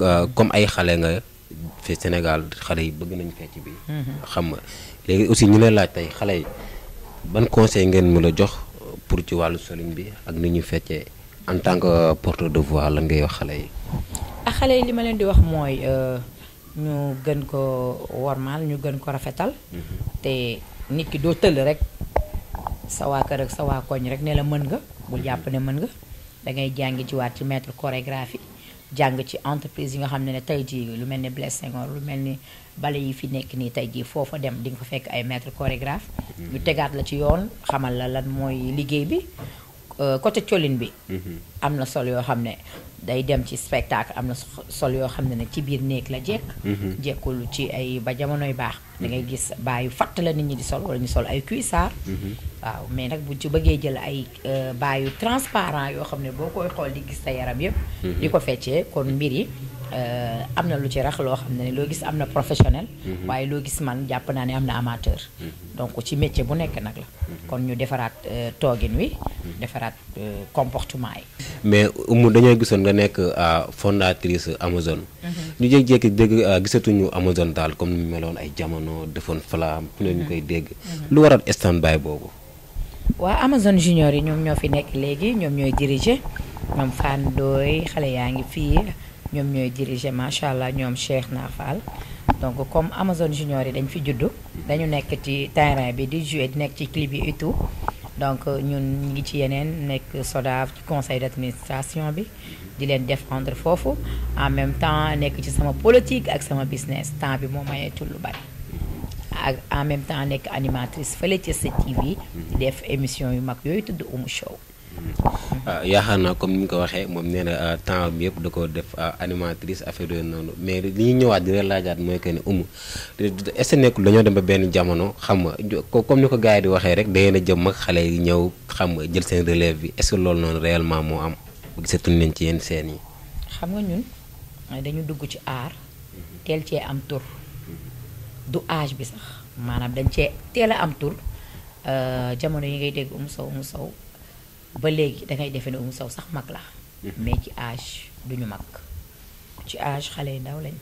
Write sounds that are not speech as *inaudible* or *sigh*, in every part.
Euh, comme ay xale nga fi Sénégal xale yi bëgg nañ fecc bi mhm. xam nga léegi aussi ñu lay laaj tey xale yi ban conseil ngeen mu la jox pour ci wàllu solin bi ak ni ñu feccee en tant que porte de voix lan ngay wax xale yi ah xale yi li ma leen di wax mooy euh, ñu gën ko wormaal ñu gën ko rafetal mhm. te nit ki doo tëll rek sa waa kër ak sa waa koñ rek ne la mën nga bu jàpp ne mën nga dangay ngay jàngi ci waat ci maître chorégraphie jàng ci entreprise yi nga xam ne ne tey jii lu mel ni Blaise Senghor lu mel ni bale yi fi nekk nii tey jii foofa dem di nga fa fekk ay maître chorégraphe mm-hmm. ñu tegaat la ci yoon xamal la lan mooy liggéey bi euh, côté colin bi mm-hmm. am na sol yoo xam ne day dem ci spectacle am na sol yoo xam ne ne ci biir néeg la jekk mm-hmm. jekkul ci ay ba jamonoy baax da ngay gis bàyyi fatt la nit ñi di sol wala ñu sol ay cuissard waaw mais nag bu ci bëggee jël ay euh, baayu transparent yoo xam ne boo koy xool di gis sa yaram yëpp. Mhm. di ko feccee kon mbir yi euh, am na lu ci rax loo xam ne loo gis am na professionnel. Mhm. waaye loo gis man jàpp naa ne am na amateur. Mhm. donc ci métier bu nekk nag kon ñu defaraat euh, toogin wi. defaraat comportement yi. mais mu gisoon nga nekk fondatrice Amazone. ñu jékki-jékki dégg gisatuñu Amazone daal comme ni mu meloon ay jamono defoon flam ku ne ñu koy dégg. lu waral stand by boobu. waa Amazon Junior yi ñoom ñoo fi nekk léegi ñoom ñooy diriger ñoom Fane Doy xale yaa ngi fii ñoom ñooy diriger macha allah ñoom Cheikh Na Fall donc comme Amazon Junior yi dañ fi juddu dañu nekk ci terrain bi di jouer di nekk ci clip yi et donc ñun ñu ngi ci yeneen nekk soda ci conseil d' administration bi di leen défendre foofu en même temps nekk ci sama politique ak sama business temps bi moo mayeetul lu bari. ak en même temps nekk animatrice fële ca sa TV. di def émission yu mag yooyu tudd Oumou Show. Mhm. Ah, yaakaar naa comme ni nga ko waxee moom nee na ah, temps bi yëpp da ko def ah, animatrice affaire yooyu noonu mais li ñu ñëwaat di la laajaat mooy que ni Oumou est-ce nekkul dañoo dem ba benn jamono xam nga comme ni ko gars yi di waxee rek day na jëm ak xale yi ñëw xam nga jël seen relève bi est-ce que noonu réellement moo am bu gisatuñ leen ci yenn seen yi. xam nga ñun dañu dugg ci aar mhm. teel maanaam dañ cee teel a am tur euh, jamono yi ngay dégg Oumou Sow Oumou Sow ba léegi dangay defe ne Oumou Sow sax mag la mm-hmm. mais ci âge duñu mag ci âge xale yu ndaw lañ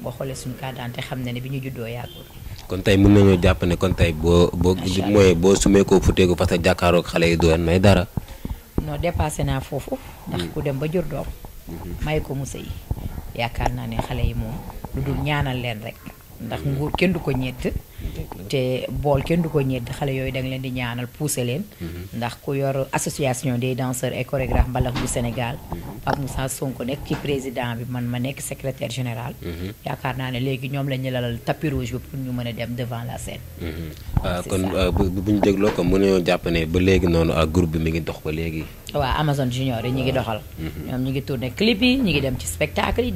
boo xoolee suñu kàddaante xam na ne bi ñu juddoo yàggul kon tey mën nañoo jàpp ne kon tey boo boo mooy boo sumee koo futeeku parce que jàkkaaroog xale yi doon may dara non dépassé naa foofu ndax mm-hmm. ku dem ba jur doom mm-hmm. may ko mu yi yaakaar naa ne xale yi moom lu dul ñaanal leen rek ndax nguur te bool kenn du ko ñedd xale yooyu da nga leen di ñaanal pousser leen. Mm-hmm. ndax ku yor association des danseurs et chorégraphes mbalax bu Sénégal. Mm-hmm. Pape Moussa Sonko nekk ci président bi man ma nekk secretaire général. Mm-hmm. yaakaar naa ne léegi ñoom la ñu lalal tapis rouge bi pour ñu mën a dem devant la scène. Euh, kon euh, bu bu ñu dégloo ko mu nañoo jàpp ne ba léegi noonu ak groupe bi mi ngi dox ba léegi. waaw Amazon Junior yi ñu ngi doxal. ñoom ñu ngi tourné clip yi ñu ngi dem ci spectacle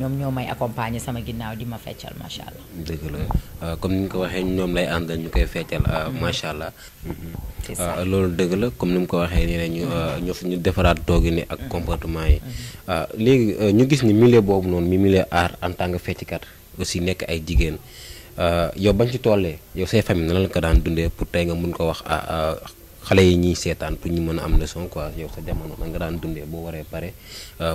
ñoom ñoo may accompagner sama ginnaaw di ma feccal macha allah. dëgg la euh, comme ni nga ko waxee ñoom lay àndal ñu koy feccal euh, mm. macha allah. Euh, loolu dëgg la comme ni mu ko waxee nii ñu mm. ñu ñu defaraat toogi ni ak mm. comportement yi. léegi ñu gis ni milieu boobu noonu mi milieu art en tant que feccikat aussi nekk ay jigéen yow bañ ci tollee yow say famille na la ko daan dundee pour tey nga mun ko wax ah, ah, xale yi ñuy seetaan pour ñu mën a am leçon quoi yow sa jamono nan nga daan dundee boo waree pare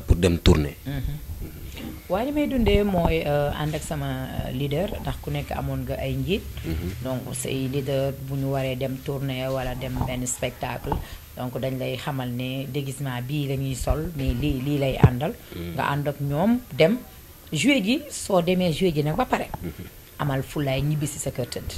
pour dem tourner. Mm-hmm. Mm-hmm. waaye li may dundee mooy euh, ànd ak sama euh, leader ndax ku nekk amoon nga ay njiit. Mm-hmm. donc say leader bu ñu waree dem tournée wala dem benn spectacle. donc dañ lay xamal ne déguisement bii la sol mais lii lii lay àndal. Mm-hmm. nga ànd ak ñoom dem. joué ji soo demee joué ji nag ba pare. Mm-hmm. amal fulaay ñibbi si sa kër tëdd.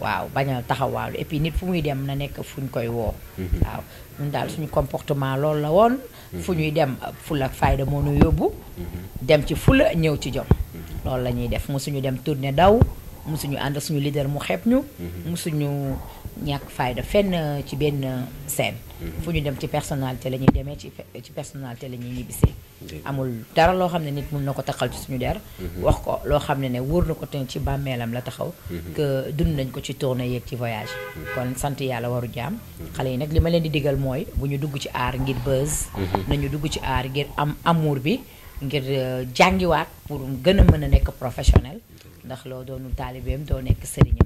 waaw bañ a taxawaalu et nit fu muy dem na nekk fu ñu koy woo mhm. waaw ñun daal suñu comportement loolu la woon mhm. fu ñuy dem fula ak fayda moo nu yóbbu mhm. dem ci fula ñëw ci jom loolu la ñuy def mu suñu dem tourné daw mu suñu ànd suñu leader mu xeeb ñu mu suñu ñàkk fayda fenn ci benn scène. Mhm. fu ñu dem ci personnalité la ñuy demee ci ci personnalité la ñuy ñibbisee. amul dara loo xam ne nit mun na ko taxal ci suñu der. Mhm. wax ko loo xam ne ne wóor na ko te ci bàmmeelam la taxaw. Mhm. que dund nañ ko ci tournée yeeg ci voyage. kon sant yàlla waru jaam. xale yi nag li ma leen di digal mooy bu ñu dugg ci aar ngir buzz. nañu dugg ci aar ngir am amuur bi ngir euh, jàngiwaat pour gën a mën a nekk professionnel. ndax loo doonu taalibeem doo nekk sëriñ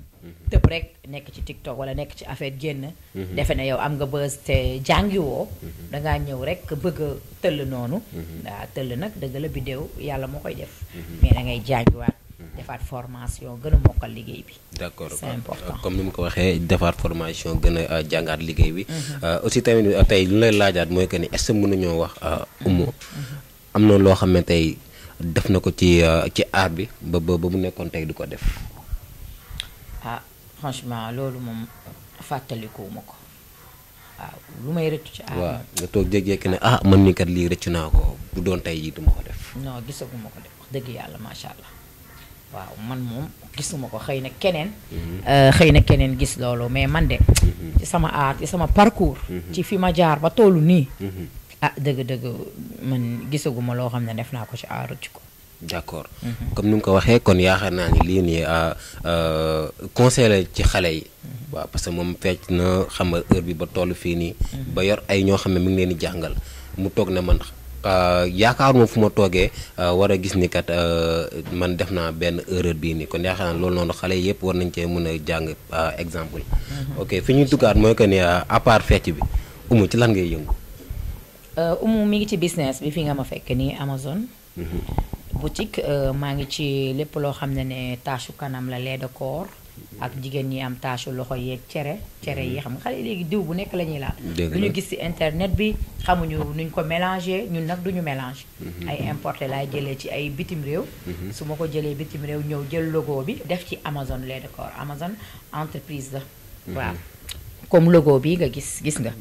rek nekk ci TikTok wala nekk ci affaire génn. Mhm. defe na yow am nga bës te jàngiwoo. Mhm. da ngaa ñëw rek bëgg a tëll noonu. Mhm. waaw tëll nag dëgg la bidéo yàlla moo koy def. mais da ngay jàngiwaat. defaat formation gën a liggéey accord c'est comme ni mu ko waxee defaat formation gën a euh, jàngaat liggéey bi. Euh, aussi tamit euh, tey lu lay laajaat mooy que ni est ce nañoo wax umu am na loo xam ne tey def na ko ci ci aar bi ba ba ba mu nekkoon tey du ko def. Ah, franchement loolu moom fàttalikuwuma ko waaw lu may rëccu ci aar. waaw nga toog jékki-jékki ne ah man mii kat lii rëccu naa ko bu doon tey jii duma ko def. non gisaguma ko yàlla macha allah waaw man moom gisuma ko xëy na keneen. Mhm. Euh, xëy na keneen gis loolu mais man de. Mhm. ci sama aar ci sama parcours. Mhm. ci fi ma jaar ba tollu nii. ah dëgg-dëgg man gisaguma loo xam ne def naa ko ci aar rëccu ko. d' accord mhm. comme ni nga ko waxee kon yaakaar naa ni lii nii ah, ah, conseil ci xale yi. Mhm. waaw parce que moom fecc na xam nga heure bi ba toll fii nii. Mhm. ba yor ay ñoo xam ne mu ngi leen di jàngal mu toog na man ah, yaakaar moom fu ma toogee war a gis ni kat man def naa benn erreur bii nii kon yaakaar naa loolu noonu xale yëpp war nañ cee mën a jàng exemple. ok fi ñuy duggaat mooy que ni à part fecc bi umu ci lan ngay yëngu. Euh, umu mu ngi ci business bi fi nga ma fekk nii Amazon. boutique euh, maa ngi ci lépp loo xam ne ne taasu kanam la lee de corps ak jigéen ñi am taasu loxo yeeg cere cere yi xam nga xale léegi diw bu nekk la ñuy laal lu ñu gis ci internet bi xamuñu nuñ ko mélangé ñun nag duñu mélange mm-hmm. ay importé laay jëlee ci ay bitim réew mm-hmm. su ma ko jëlee bitim réew ñëw jël logo bi def ci Amazon lait de corps Amazon entreprise la mm-hmm. waaw comme logo bi nga gis gis nga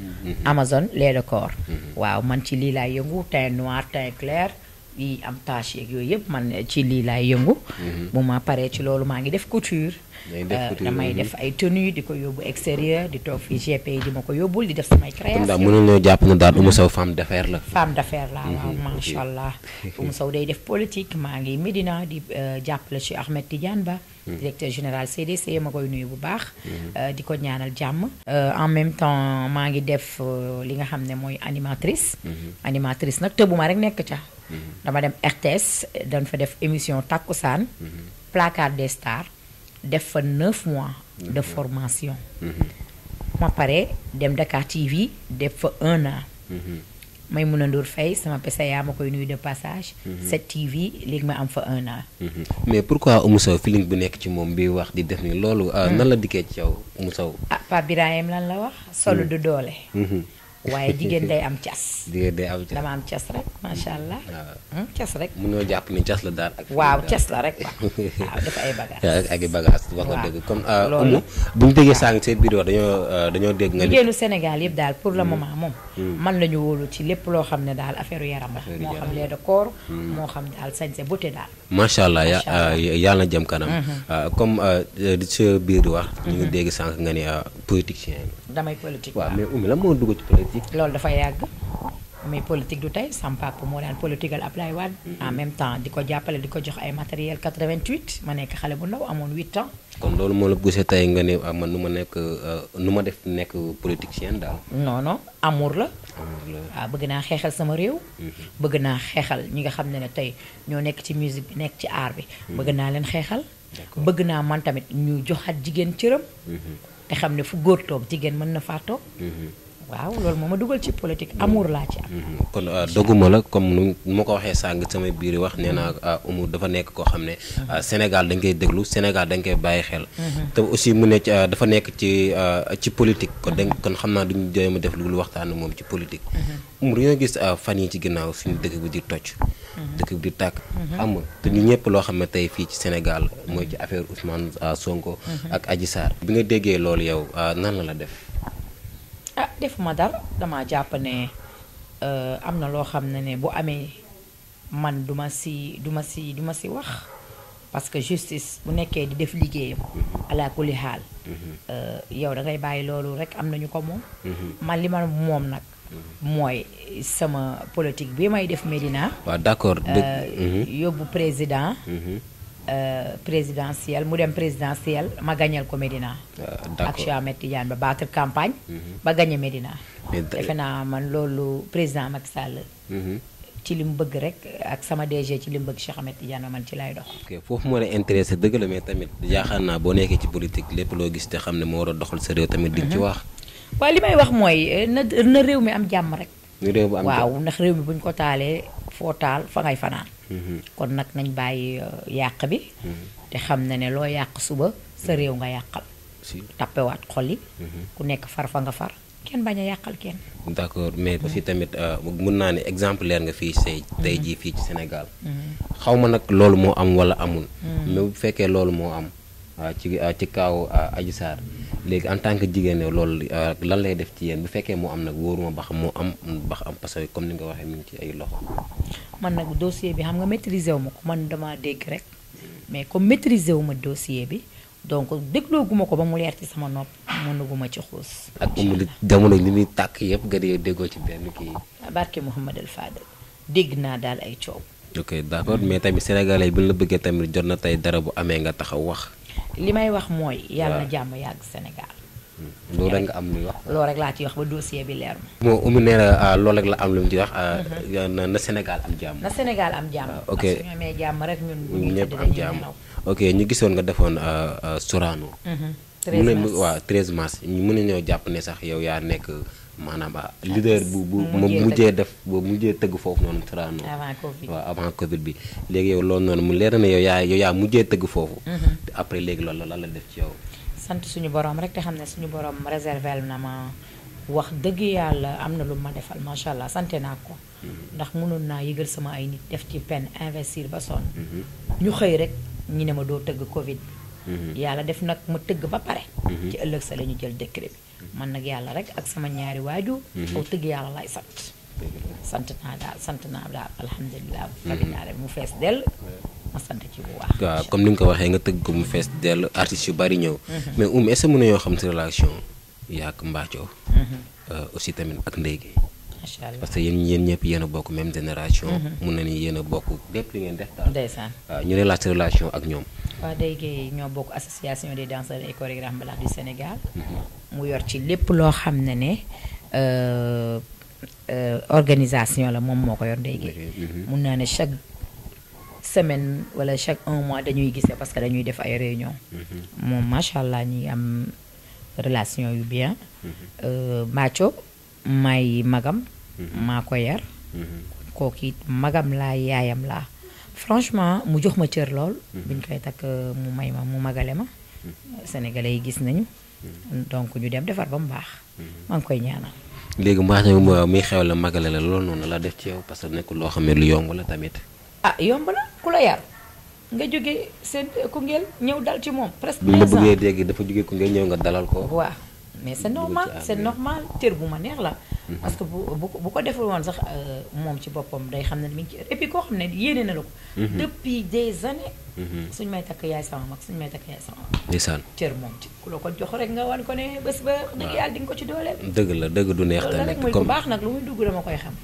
Amazon lait de corps waaw man ci lii laay yëngu teint noir teint clair yi am tâche yeeg yooyu yëpp man eh, ci lii laay yëngu. Mhm. bu ma paree ci loolu maa ngi def couture. Eh, damay mhm. def ay tenue di ko yóbbu extérieur di toog fi GP di ma ko yóbbul di def samay création. kon daal mënuñoo jàpp na daal Oumou mhm. Sow femme d'affaires la. femme d'affaires la waaw macha allah. *laughs* Oumou Sow day def politique maa ngi Medina di eh, jàppale ci Ahmed Tidiane Ba. Mm-hmm. directeur général CDC mm-hmm. ma koy nuyu bu baax. Mm-hmm. Euh, di ko ñaanal jàmm. Euh, en même temps maa ngi def euh, li nga xam ne mooy animatrice. animatrice nag tëbuma rek nekk ca. dama dem RTS dañ fa def émission takkusaan. placard des stars def fa neuf mois. de formation. ma pare dem Dakar TV def fa un an. Maïmouna Ndour Faye sama PCA ma koy nuyu de passage. 7TV mhm. léegi ma am fa un an. Mhm. mais pourquoi Oumou Sow feeling bu nekk ci moom bi wax di def ni loolu. Euh, hmm. nan la dikkee ci yow Oumou Sow. ah Pape lan la wax. solo hmm. du doole. Mhm. waaye *laughs* jigéen day am cas. jigéen day am cas dama rek macha allah. waaw hmm, cas rek. mënoo jàpp ni cas la daal. waaw *laughs* cas la rek waaw waaw *laughs* dafa ay bagages. ak i bagages wax nga dëgg comme. Euh, loolu bu ñu déggee sànq seen biir dañoo euh, dañoo dégg nga. jigéenu Sénégal yëpp daal pour le hmm. moment moom. man hmm. la ñu wóolu ci lépp loo xam ne daal affaire yaram la. moo xam lee de corps. moo xam macha allah euh, yàlla jëm kanam. comme di sa biir wax. sànq nga ni. politicien la. damay politique waaw mais Oumy loolu dafa yàgg mais politique du tey sama papa moo daan politique al Ablaye Wade. Mm-hmm. en même temps di ko jàppale di ko jox ay matériel 88 ma nekk xale bu ndaw amoon 8 ans. kon loolu moo la poussé tey nga ne ah, man nu ma nekk euh, nu ma def nekk politicien daal. non non amour la. waaw ah, bëgg naa xeexal sama réew. Mm-hmm. bëgg naa xeexal ñi nga xam ne ne tey ñoo nekk ci musique bi nekk ci aar bi. Mm-hmm. bëgg naa leen xeexal. bëgg naa man tamit ñu joxaat jigéen cëram. te xam ne fu góor toog jigéen mën na faa toog mm-hmm. waaw loolu moo ma dugal ci politique amour laa ci am. Mm-hmm. kon euh, dogguma la comme nu ma ko waxee sàng sama biir wax nee naa Oumou euh, dafa nekk koo xam ne mm-hmm. euh, Sénégal dañ koy déglu Sénégal dañ koy bàyyi xel. Mm-hmm. te aussi mu ne ci dafa nekk ci ci politique. kon dañ kon xam naa duñu jéem ma def lu waxtaan moom ci politique. Oumou dañoo gis fan yi ci ginnaaw suñu dëkk bi di toj. dëkk bi di tàkk. amul te ñu ñëpp loo xam ne tey fii ci Sénégal mooy ci affaire Ousmane Sonko. ak Adji Sarr bi nga déggee loolu yow nan la la def. ah ma dara dama jàpp ne euh, am na loo xam ne ne bu amee man duma si duma si duma si wax parce que justice bu nekkee di def liggéeyam mm-hmm. ala kulli mm-hmm. euh, yow da ngay bàyyi loolu rek am nañu ko moom mm-hmm. man li ma moom nag mooy sama politique bi may def Médina waaw d'accord euh, yóbbu président Euh, présidentielle mu dem présidentielle ma gañal ko Medina. Euh, ak Cheikh Ahmed ba battre campagne. Mhm. ba gañe Medina. defe naa man loolu président Macky Sall. Mhm. ci li mu bëgg rek ak sama DG ci li mu bëgg Cheikh Ahmed Tidiane man ci lay dox. ok foofu moo la intéressé dëgg la mais tamit yaakaar naa boo nekkee ci politique lépp loo gis te xam ne moo war a doxal sa réew tamit. di ci mhm. wax. waaw li may wax mooy euh, na réew mi am jàmm rek. waaw ndax réew mi buñ ko taalee. foo taal fa ngay fanaan mhm. kon nag nañ bàyyi euh, yàq bi mhm. te xam ne ne loo yàq suba sa mhm. réew nga yàqal tappewaat xol yi ku nekk far fa nga far kenn bañ a yàqal kenn d'accord mais aussi tamit euh, mun naa ne exemple leer nga fii say tey jii fii ci Sénégal xaw ma nag loolu moo am wala amul mais fekkee loolu moo am ci ci kaaw Adji Sarr léegi en tant que jigéen loolu lan lay def ci yéen bu fekkee moo am nag wóoruma ba xam moo am ba am parce que comme ni nga waxee mi ngi ci ay loxo. man nag dossier bi xam nga maîtriser wu ma ko man damaa dégg rek mais comme maîtriser wu ma dossier bi donc déglooguma ko ba mu leer ci sama nopp mënuguma ci xuus. ak umb li jamono li muy tàkk yëpp nga déggoo ci benn kii. Ah, barke Mouhamad El Fadel dégg naa daal ay coow. ok d' accord mais tamit sénégalais bi la bëggee tamit jot na tey dara bu amee nga taxaw wax. li may wax mooy. yàlla jàmm yàgg Sénégal. loolu rek nga am luy wax. loolu rek laa ci wax ba dossier bi leer ma. moo umu nee na ah, loolu rek la am lu mu ci wax. Ah, mhm. na Sénégal am am jàmm. Ah, ok su ñu amee jàmm ñu gisoon nga defoon Sorano. 13 mhm. mars waaw jàpp ne sax yow yaa nekk. maanaam a leader bu bu mu mujjee def bu mujjee tëgg foofu noonu Sorano. avant Covid waaw avant bi léegi yow loolu noonu mu leer na yow yaa mujjee tëgg foofu. Mhm. après léegi loolu lan la def ci yow. sant suñu borom rek te xam ne suñu borom réservel na ma wax dëgg yàlla am na lu ma defal macha allah sante naa ko. Mm-hmm. ndax mënoon naa yëgal sama ay nit def ci peine investir ba sonn. Mm-hmm. ñu xëy rek ñu ne ma doo tëgg Covid bi. Mm-hmm. yàlla def nag ma tëgg ba pare. ci ëllëg sa lañu jël décret bi. man nag yàlla rek ak sama ñaari waaju aw tëgg yàlla lay sant. sant naa daal sant naa daal alhamdulilah. mu fees dell. ko sant comme ni nga ko waxee nga tëgg ko mu fees dell artistes yu bari ñëw. Mhm. mais um est-ce que mën xam si relation yaak Mbathio. Mhm. Euh, aussi tamit ak Ndeye Gueye. parce que yéen yéen ñëpp yéen a bokk même génération. Mhm. mun na ni yéen bokk lépp li ngeen def daal. ndeysaan waaw ñu ne laaj si relation ak ñoom. waaw Ndeye Gueye ñoo bokk association des danseurs et chorégraphes mbalax du Sénégal. mu yor ci lépp loo xam ne ne euh, euh, organisation la moom moo ko yor Ndeye mun naa ne chaque. semaine wala chaque un mois dañuy gisee parce que dañuy def ay réunion mm-hmm. moom macha allah ñuy am relation yu bien mm-hmm. euh, Macho may magam mm-hmm. maa ko yar kookiit magam laa yaayam laa franchement mu jox ma cër lool biñ koy takk mu may ma mu magale ma sénégalais yi gis nañu donc ñu dem defar ba mu baax maa ngi koy ñaanal léegi mbaax na muy xew la magale la loolu noonu la def ci yow parce que nekkul loo xam ne lu yomb la tamit ah yomb na ku la yar nga jóge seen Koungheul ñëw dal ci moom. presque bu ñu bëggee dégg dafa jóge Koungheul ñëw nga dalal ko. waaw mais c'est normal c'est normal cër bu la. Mhm. parce que bu bu ko deful woon sax euh, moom ci boppam day xam ne mi ngi ci et puis koo xam ne yéene na la ko. Mhm. depuis des années. Mhm. suñu may takk yaay sama mag suñu may takk yaay sama mag. ndeysaan cër moom ci ku la ko jox rek nga wan ko ne bés ba. waaw yàlla di ko ci dooleel. dëgg la dëgg du neex. da nekk comme rek mooy baax nag lu dugg dama koy xam.